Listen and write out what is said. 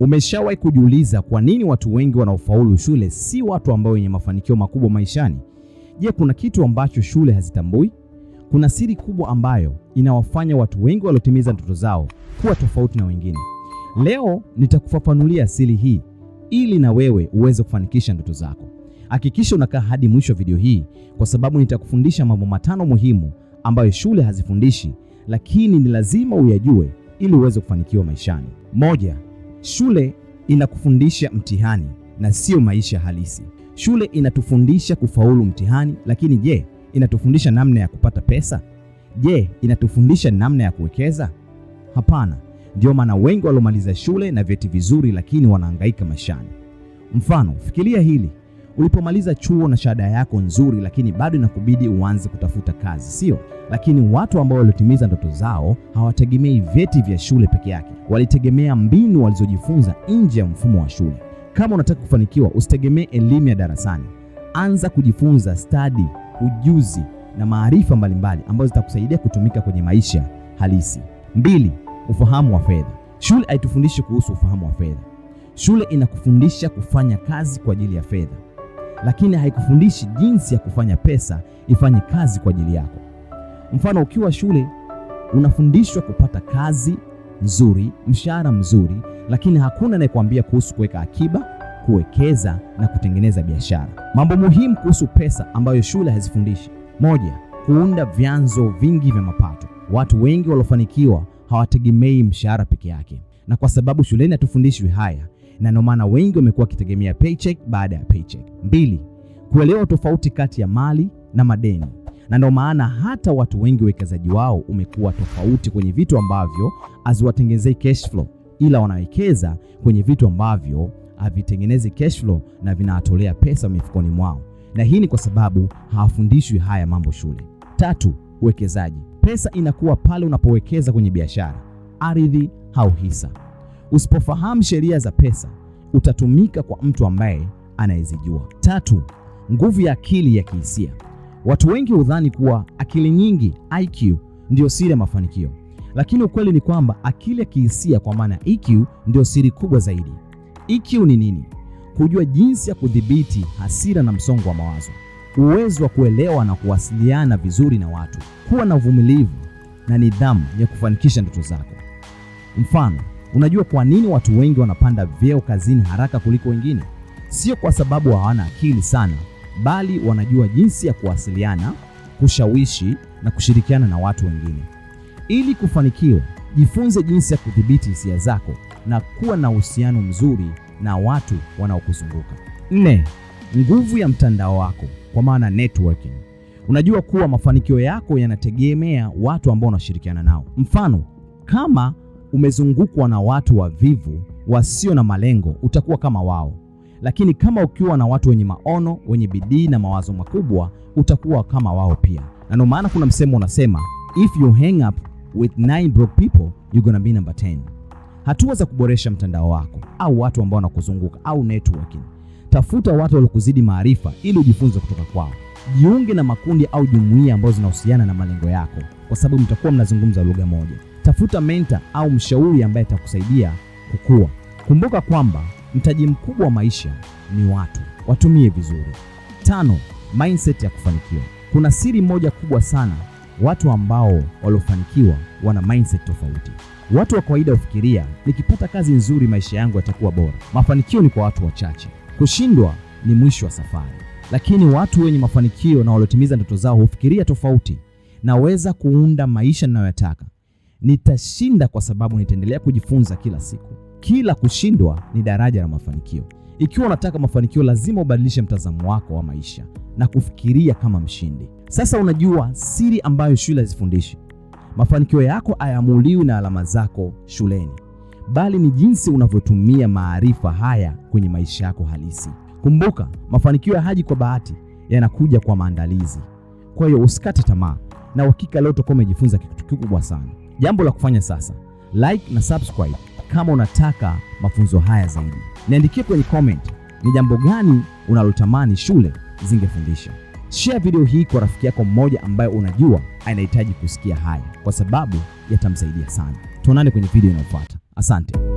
Umeshawahi kujiuliza kwa nini watu wengi wanaofaulu shule si watu ambao wenye mafanikio makubwa maishani? Je, kuna kitu ambacho shule hazitambui? Kuna siri kubwa ambayo inawafanya watu wengi waliotimiza ndoto zao kuwa tofauti na wengine. Leo nitakufafanulia siri hii ili na wewe uweze kufanikisha ndoto zako. Hakikisha unakaa hadi mwisho wa video hii, kwa sababu nitakufundisha mambo matano muhimu ambayo shule hazifundishi, lakini ni lazima uyajue ili uweze kufanikiwa maishani. Moja, Shule inakufundisha mtihani na sio maisha halisi. Shule inatufundisha kufaulu mtihani, lakini je, inatufundisha namna ya kupata pesa? Je, inatufundisha namna ya kuwekeza? Hapana. Ndio maana wengi waliomaliza shule na vyeti vizuri, lakini wanahangaika maishani. Mfano, fikiria hili: Ulipomaliza chuo na shahada yako nzuri, lakini bado inakubidi uanze kutafuta kazi, sio? Lakini watu ambao waliotimiza ndoto zao hawategemei vyeti vya shule peke yake, walitegemea mbinu walizojifunza nje ya mfumo wa shule. Kama unataka kufanikiwa, usitegemee elimu ya darasani. Anza kujifunza stadi, ujuzi na maarifa mbalimbali ambazo zitakusaidia kutumika kwenye maisha halisi. Mbili, ufahamu wa fedha. Shule haitufundishi kuhusu ufahamu wa fedha. Shule inakufundisha kufanya kazi kwa ajili ya fedha lakini haikufundishi jinsi ya kufanya pesa ifanye kazi kwa ajili yako. Mfano, ukiwa shule unafundishwa kupata kazi nzuri, mshahara mzuri, lakini hakuna anayekuambia kuhusu kuweka akiba, kuwekeza na kutengeneza biashara. Mambo muhimu kuhusu pesa ambayo shule hazifundishi: moja, kuunda vyanzo vingi vya mapato. Watu wengi waliofanikiwa hawategemei mshahara peke yake, na kwa sababu shuleni hatufundishwi haya na ndio maana wengi wamekuwa wakitegemea paycheck baada ya paycheck. Mbili, kuelewa tofauti kati ya mali na madeni, na ndio maana hata watu wengi uwekezaji wao umekuwa tofauti kwenye vitu ambavyo haziwatengenezei cash flow, ila wanawekeza kwenye vitu ambavyo havitengenezi cash flow na vinawatolea pesa mifukoni mwao, na hii ni kwa sababu hawafundishwi haya mambo shule. Tatu, uwekezaji. Pesa inakuwa pale unapowekeza kwenye biashara, ardhi au hisa. Usipofahamu sheria za pesa, utatumika kwa mtu ambaye anayezijua. Tatu, nguvu ya akili ya kihisia. Watu wengi hudhani kuwa akili nyingi IQ ndio siri ya mafanikio, lakini ukweli ni kwamba akili ya kihisia kwa maana EQ ndio siri kubwa zaidi. EQ ni nini? Kujua jinsi ya kudhibiti hasira na msongo wa mawazo, uwezo wa kuelewa na kuwasiliana vizuri na watu, kuwa na uvumilivu na nidhamu ya kufanikisha ndoto zako. Mfano, Unajua kwa nini watu wengi wanapanda vyeo kazini haraka kuliko wengine? Sio kwa sababu hawana akili sana, bali wanajua jinsi ya kuwasiliana, kushawishi na kushirikiana na watu wengine. Ili kufanikiwa, jifunze jinsi ya kudhibiti hisia zako na kuwa na uhusiano mzuri na watu wanaokuzunguka. Nne, nguvu ya mtandao wako, kwa maana networking. Unajua kuwa mafanikio yako yanategemea watu ambao unashirikiana nao. Mfano, kama umezungukwa na watu wavivu wasio na malengo, utakuwa kama wao. Lakini kama ukiwa na watu wenye maono, wenye bidii na mawazo makubwa, utakuwa kama wao pia. Na ndio maana kuna msemo unasema, if you hang up with nine broke people you're gonna be number 10. Hatua za kuboresha mtandao wako au watu ambao wanakuzunguka au networking. Tafuta watu waliokuzidi maarifa ili ujifunze kutoka kwao. Jiunge na makundi au jumuiya ambazo zinahusiana na malengo yako, kwa sababu mtakuwa mnazungumza lugha moja. Tafuta menta au mshauri ambaye atakusaidia kukua. Kumbuka kwamba mtaji mkubwa wa maisha ni watu, watumie vizuri. Tano, mindset ya kufanikiwa. Kuna siri moja kubwa sana, watu ambao waliofanikiwa wana mindset tofauti. Watu wa kawaida hufikiria nikipata kazi nzuri maisha yangu yatakuwa bora. Mafanikio ni kwa watu wachache, kushindwa ni mwisho wa safari. Lakini watu wenye mafanikio na waliotimiza ndoto zao hufikiria tofauti. Naweza kuunda maisha ninayoyataka nitashinda kwa sababu nitaendelea kujifunza kila siku. Kila kushindwa ni daraja la mafanikio. Ikiwa unataka mafanikio, lazima ubadilishe mtazamo wako wa maisha na kufikiria kama mshindi. Sasa unajua siri ambayo shule hazifundishi. Mafanikio yako hayaamuliwi na alama zako shuleni, bali ni jinsi unavyotumia maarifa haya kwenye maisha yako halisi. Kumbuka, mafanikio hayaji kwa bahati, yanakuja kwa maandalizi. Kwa hiyo usikate tamaa na uhakika leo utakuwa umejifunza kitu kikubwa sana. Jambo la kufanya sasa, like na subscribe kama unataka mafunzo haya zaidi. Niandikie kwenye comment ni jambo gani unalotamani shule zingefundisha. Share video hii kwa rafiki yako mmoja ambaye unajua anahitaji kusikia haya, kwa sababu yatamsaidia sana. Tuonane kwenye video inayofuata. Asante.